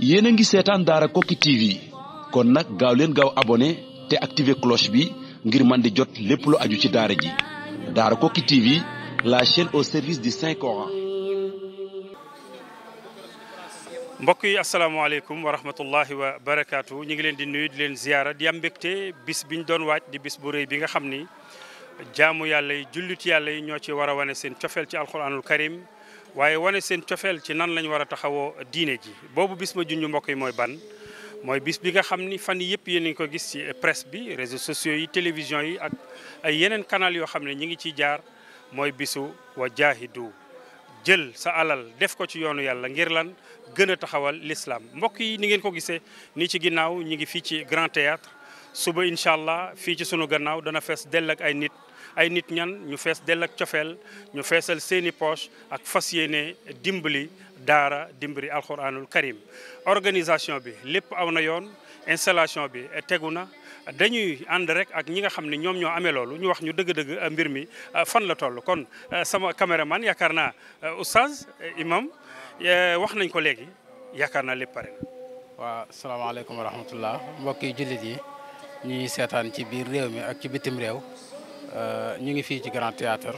yéen a ngi seetaan daara Koki TV kon nag gaaw leen gaaw abonné te activer cloche bi ngir man di jot lépp lu aju ci daara ji daara Koki TV la chaîne au service du Saint Coran. mbokk yi asalaamaaleykum wa rahmatullahi wa barakaatu ñu ngi leen di nuyu di leen ziyaara di am mbégte bis biñ doon waaj di bis bu rëy bi nga xam ni jaamu yàlla yi jullit yàlla yi ñoo ci war a wane seen cofeel ci alquranul karim. waaye wane seen cofeel ci nan la ñu war a taxawoo diine ji boobu bis ma junj mbokk yi mooy ban mooy bis bi nga xam ni fan yëpp yéen ngi ko gis ci presse bi réseaux sociaux yi télévision yi ak ay yeneen canal yoo xam ne ñi ngi ciy jaar mooy bisu wa jaahidu jël sa alal def ko ci yoonu yàlla ngir lan gën a taxawal l'islam mbokk yi ni ngeen ko gisee nii ci ginnaaw ñi ngi fii ci Grand Théâtre suba incha allah fii ci suñu gannaaw dana fees dell ak ay nit ay nit ñan ñu fees dell ak cofeel ñu feesal seeni poche ak fas yéene dimbali daara dimbali alxuraanul karim organisation bi lépp aw na yoon installation bi tegu na dañuy ànd rek ak ñi nga xam ne ñoom ñoo amee loolu ñu wax ñu dëgg-dëgg euh, mbir mi euh, fan la toll kon euh, sama man yaakaar naa oustaz imam wax nañ ko léegi yaakaar naa lépp pare na. waaw salaamaaleykum wa rahmatullah mbokki jullit yi. ñuy seetaan ci biir réew mi ak ci bitim réew euh, ñu ngi fii ci Grand Théâtre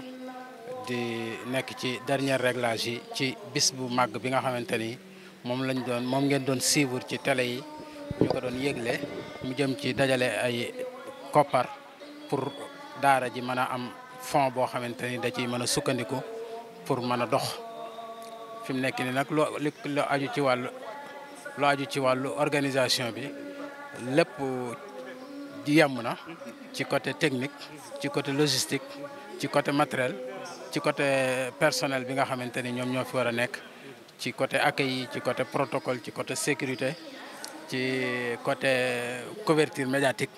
di nekk ci dernier réglage yi ci bis bu màgg bi nga xamante ni moom lañ doon moom ngeen doon suivre ci télé yi ñu ko doon yëgle mu jëm ci dajale ay koppar pour daara ji mën a am fond boo xamante ni da ciy mën a sukkandiku pour mën a dox fi mu nekk ni nag lu aju ci wàllu lu aju ci wàllu organisation bi lépp ji yemb na ci côté technique ci côté logistique ci côté matériel ci côté personnel bi nga xamante ni ñoom ñoo fi war a nekk ci côté accueil yi ci côté protocole ci côté sécurité ci côté couverture médiatique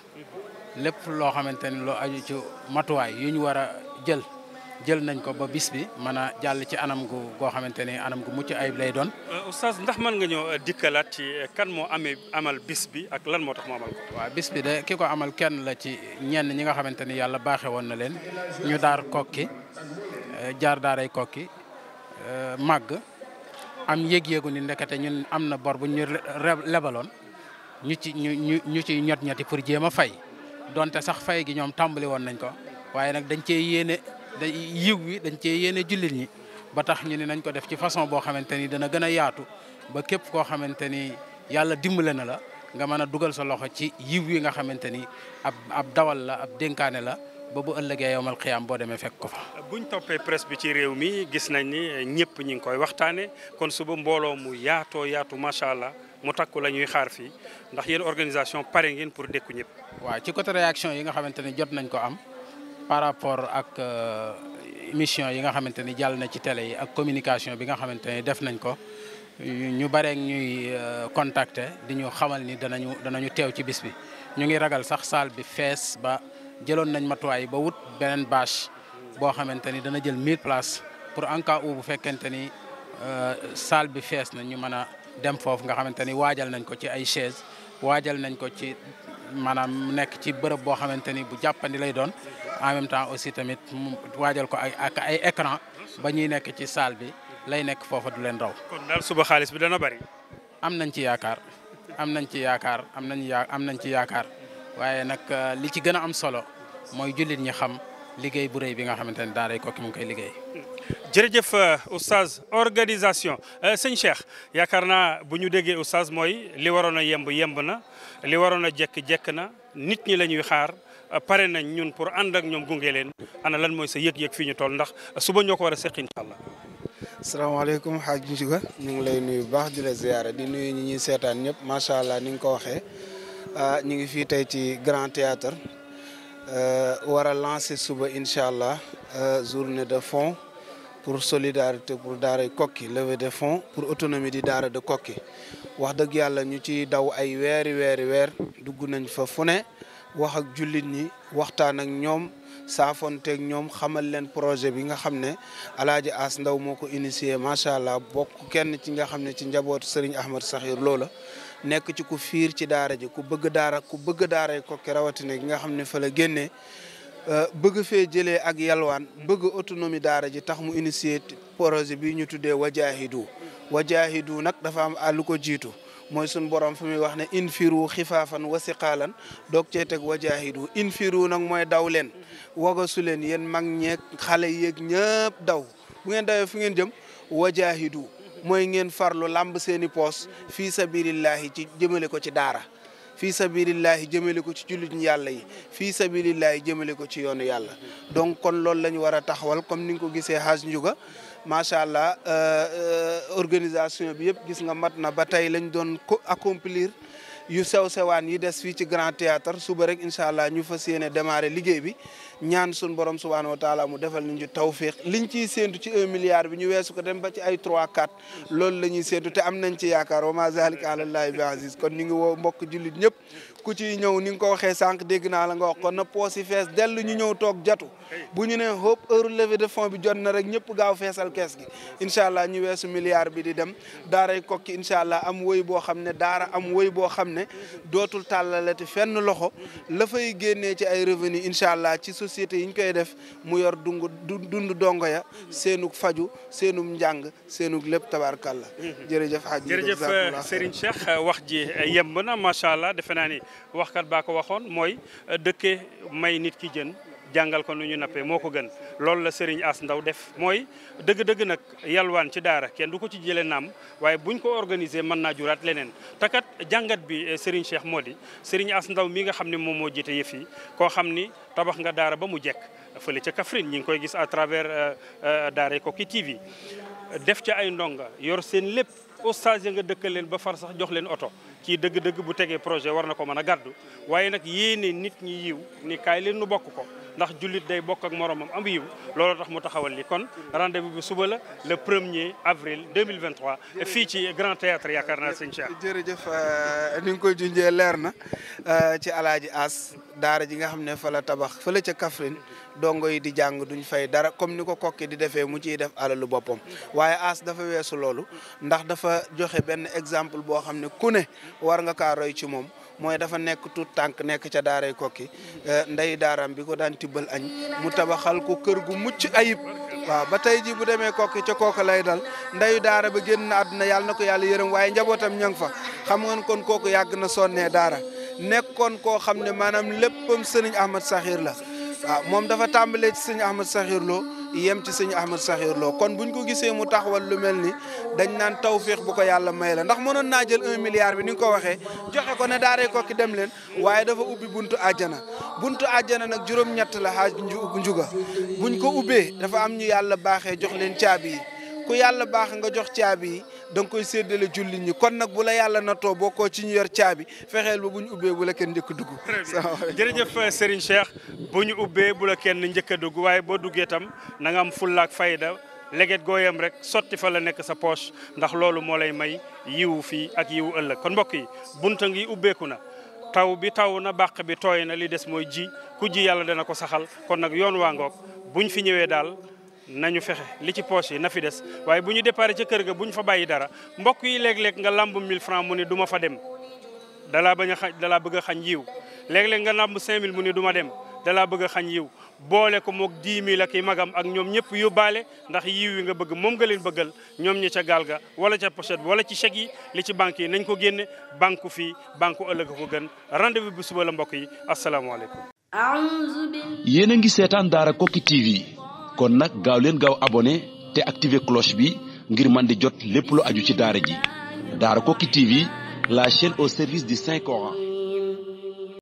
lépp loo xamante ni loo aju ci matuwaay yi ñu war a jël jël nañ ko ba bis bi mën a jàll ci anam gu goo xamante ni anam gu mucc ay lay doon. Euh, sas ndax mën nga ñëw euh, dikkalaat ci euh, kan moo amee amal bis bi ak lan moo tax mu amal ko. waaw bis bi de ki ko amal kenn la ci ñenn ñi nga xamante ni yàlla baaxe woon na leen ñu daar kokki jaar daaray kokki màgg am yëg-yëgu ni ndekete ñun am na bor bu ñu lebaloon ñu ci ñu ñu ñu ciy ñot ñoti pour jéem a fay donte sax fay gi ñoom tàmbali woon nañ ko waaye nag dañ cee yéene. da yiw wi dañ cee yéene jullit yi ba tax ñu ne nañ ko def ci façon boo xamante ni dana gën a yaatu ba képp koo xamante ni yàlla dimbale na la nga mën a dugal sa loxo ci yiw yi nga xamante ni ab ab dawal la ab dénkaane la ba bu ëllëgee yowmal xiyaam boo demee fekk ko fa. bu buñ toppee presse bi ci réew mi gis nañ ni ñëpp ñu ngi koy waxtaanee kon suba mbooloo mu yaatoo yaatu macha allah mu takku la ñuy xaar fii ndax yéen organisation pare ngeen pour dékku ñëpp. waaw ci côté yi nga xamante ni jot nañ ko am. par rapport ak euh, émission yi nga xamante ni jàll na ci télé yi ak communication bi nga xamante ni def nañ ko ñu bare ñuy euh, contacter di ñu xamal ni danañu danañu teew ci bis bi ñu ngi ragal sax salle bi fees ba jëloon nañ matuwaay ba wut beneen bâche boo xamante ni dana jël 1000 places pour en cas où bu fekkente ni euh, salle bi fees na ñu mën a dem foofu nga xamante ni waajal nañ ko ci ay chaise waajal nañ ko ci maanaam nekk ci bërëb boo xamante ni bu jàppandi lay doon en même aussi tamit mu waajal ko ay ak ay écran ba ñuy nekk ci salle bi lay nekk foofa du leen raw. kon daal suba xaalis bi dana bari. am nañ ci yaakaar am nañ ci yaakaar am nañ ya am nañ ci yaakaar waaye nag euh, li ci gën a am solo mooy jullit ñi xam liggéey bu rëy bi nga xamante ni daaray Koki mu ngi koy liggéey. jërëjëf euh, oustaz organisation euh, sëñ Cheikh yaakaar naa bu ñu déggee oustaz mooy li waroon a yemb yemb na li waroon a jekk jekk na nit ñi la ñuy xaar. pare nañ ñun pour ànd ak ñoom gunge leen ana lan mooy sa yëg-yëg fii ñu toll ndax suba ñoo ko war a seq incha allah. asalaamaaleykum xaaj ñu ngi lay nuyu bu baax di la ziyaare nuyu ñi ñuy seetaan ñëpp macha allah ni nga ko waxee ah, ñu ngi fii tey ci grand théâtre ah, war a suba incha allah ah, journée de fonds pour solidarité pour daaray kokki levée de fonds pour autonomie di daara de kokki wax dëgg yàlla ñu ci daw ay weeri weeri weer dugg nañ fa fu ne wax ak jullit ñi waxtaan ak ñoom saafonteeg ñoom xamal leen projet bi nga xam ne alaaji As Ndaw moo ko initié macha allah bokk kenn ci nga xam ne ci njabootu Serigne Ahmad Saxir loola nekk ci ku fiir ci daara ji ko bëgg daara ku bëgg daara kokki rawatina gi nga xam ne fa la génnee euh, bëgg fee jëlee ak yalwaan bëgg autonomie daara ji tax mu initié projet bi ñu tuddee wajaahidu wajaahidu nag dafa am àllu ko jiitu mooy suñ borom fu muy wax ne infiru xifaafan wa siqaalan doog cee teg wa jaahidu infiru nag mooy daw leen wagasu leen yéen mag ñeeg xale yeeg ñëpp daw bu ngeen dawee fu ngeen jëm wa mooy ngeen farlu làmb seeni poos fii sabilillahi ci jëmale ko ci daara fii sabilillahi jëmale ko ci jullit yàlla yi fii sabilillahi jëmale ko ci yoonu yàlla donc kon loolu la ñu war a taxawal comme ni nga ko gisee xaaj njuga macha allah euh, euh, organisation bi yëpp gis nga mat na ba tey lañ doon ko accomplir yu sew sewaan yi des fii ci grand théâtre suba rek incha allah ñu fa yéene démarrer liggéey bi ñaan sun borom subhaanahu wa taala mu defal ñu tawfiq liñ ciy séentu ci un milliard bi ñu weesu ko dem ba ci ay trois quatre loolu la ñuy séentu te am nañ ci yaakaar wa ma zalika alallaahi bi aziz kon ñu ngi woo mbokk jullit ñëpp ku ci ñëw ni nga ko waxee sànq dégg naa la nga wax kon na poos yi fees dellu ñu ñëw toog jatu bu ñu ne hope heure levée de fonds bi jot na rek ñëpp gaaw feesal kees gi incha allah ñu weesu milliard bi di dem daaray kokki incha allah am woy boo xam ne daara am woy boo xam ne dootul tàllalati fenn loxo la fay incha allah société yi ñu koy def mu yor dungu dund dongo ya seenug faju seenum njàng seenug lépp tabaarkàlla jërëjëf xaaj jërëjëf euh, Serigne Cheikh euh, wax ji euh, yemb na macha allah defe naa ni waxkat baa ko waxoon mooy dëkke may nit ki jën jàngal ko nu ñu nappee moo ko gën loolu la Serigne As Ndaw def mooy dëgg-dëgg nag yalwaan ci daara kenn du ko ci jële naam waaye buñ ko organiser mën naa juraat leneen takat jàngat bi eh, Serigne Cheikh moo di Serigne As Ndaw mi nga xam ne moom moo jiite yëf yi koo xam ni tabax nga daara ba mu jekk fële ca Kaffrine ñi ngi koy gis à travers euh, euh, daara ko Koki TV def ca ay ndonga yor seen lépp ustaas ya nga dëkkal leen ba far sax jox leen oto kii dëgg-dëgg bu tegee projet war na ko mën a gàddu waaye nag yéene nit ñi yiw ni kaay leen nu bokk ko ndax jullit day bokk ak moroomam am yiw looloo tax mu taxawal li kon rendez-vous bi suba la le premier avril 2023 fii ci Grand Théâtre na naa sëñ Cheikh jërëjëf euh, ni nga koy junjee leer na euh, ci alaaji As daara ji nga xam ne fa la tabax fële ca Kaffrine dongo yi di jàng duñ fay dara comme ni ko kokki di defee mu ciy def alalu boppam waaye As dafa weesu loolu ndax dafa joxe benn exemple boo xam ne ku ne war nga kaa roy ci moom mooy dafa nekk tout tànk nekk ca daaray kokki eh, ndey daaram bi ko daan tibbal añ mu tabaxal ko kër gu mucc ayib waaw ba tey ji bu demee kokki ca kooka lay dal ndeyu daara ba génn na àdduna yàlla na ko yàlla yërëm waaye njabootam ña nga fa xam ngeen kon kooku yàgg na sonnee daara nekkoon koo xam ne maanaam léppam sëriñ Ahmad saxiir la waaw moom dafa tàmbalee ci sëriñ Ahmad Saxir loo yem ci sëñ Ahmed Sakhir loo kon bu ñu ko gisee mu taxawal lu mel ni dañ naan tawféex bu ko yàlla may la ndax mënoon naa jël un milliard bi ni ko waxee joxe ko ne daaree ko ki dem leen waaye dafa ubbi buntu àjjana buntu àjjana nag juróom-ñett la xaaj njuga buñ ko ubbee dafa am ñu yàlla baaxee jox leen caabi yi ku yàlla baax nga jox caabi yi da nga koy séddale jullit ñi kon nag bu la yàlla na natoo bokkoo ci ñu yor caabi fexeel ba bu ñu ubbee bu la kenn njëkk a dugg. jërëjëf euh, Serigne Cheikh bu ñu ubbee bu la kenn njëkk dugg waaye boo duggee tam nanga nga am fullaak fayda leget gooyam rek sotti fa la nekk sa poche ndax loolu moo lay may yiw fii ak yiw ëllëg kon mbokk yi bunta ngi ubbeeku na. taw bi taw na bàq bi tooy na li des mooy ji ku ji yàlla dana ko saxal kon nag yoon waa ngoog buñ fi ñëwee daal. nañu fexe li ci poche yi na fi des waaye bu ñu départ ca kër ga bu ñu fa bàyyi dara mbokk yi léeg-léeg nga lamb mille francs mu ni du fa dem dalaa bañ a xañ dalaa bëgg a xañ yiw léeg-léeg nga lamb 5000 mu ni du ma dem dalaa bëgg a xañ yiw boole ko moog 10000 ak i magam ak ñoom ñëpp yóbbaale ndax yiw yi nga bëgg moom nga leen bëggal ñoom ñi ca gaal ga wala ca pochette wala ci chèque yi li ci banque yi nañ ko génne banque fii banque ëllëg ko gën rendez-vous bu suba la mbokk yi asalaamaaleykum yéen a ngi seetaan Daara Koki TV kon nag gaaw leen gaaw abonné te activer cloche bi ngir man di jot lépp lu aju ci daara ji daar Daarakoki TV la chaîne au service di Saint Coran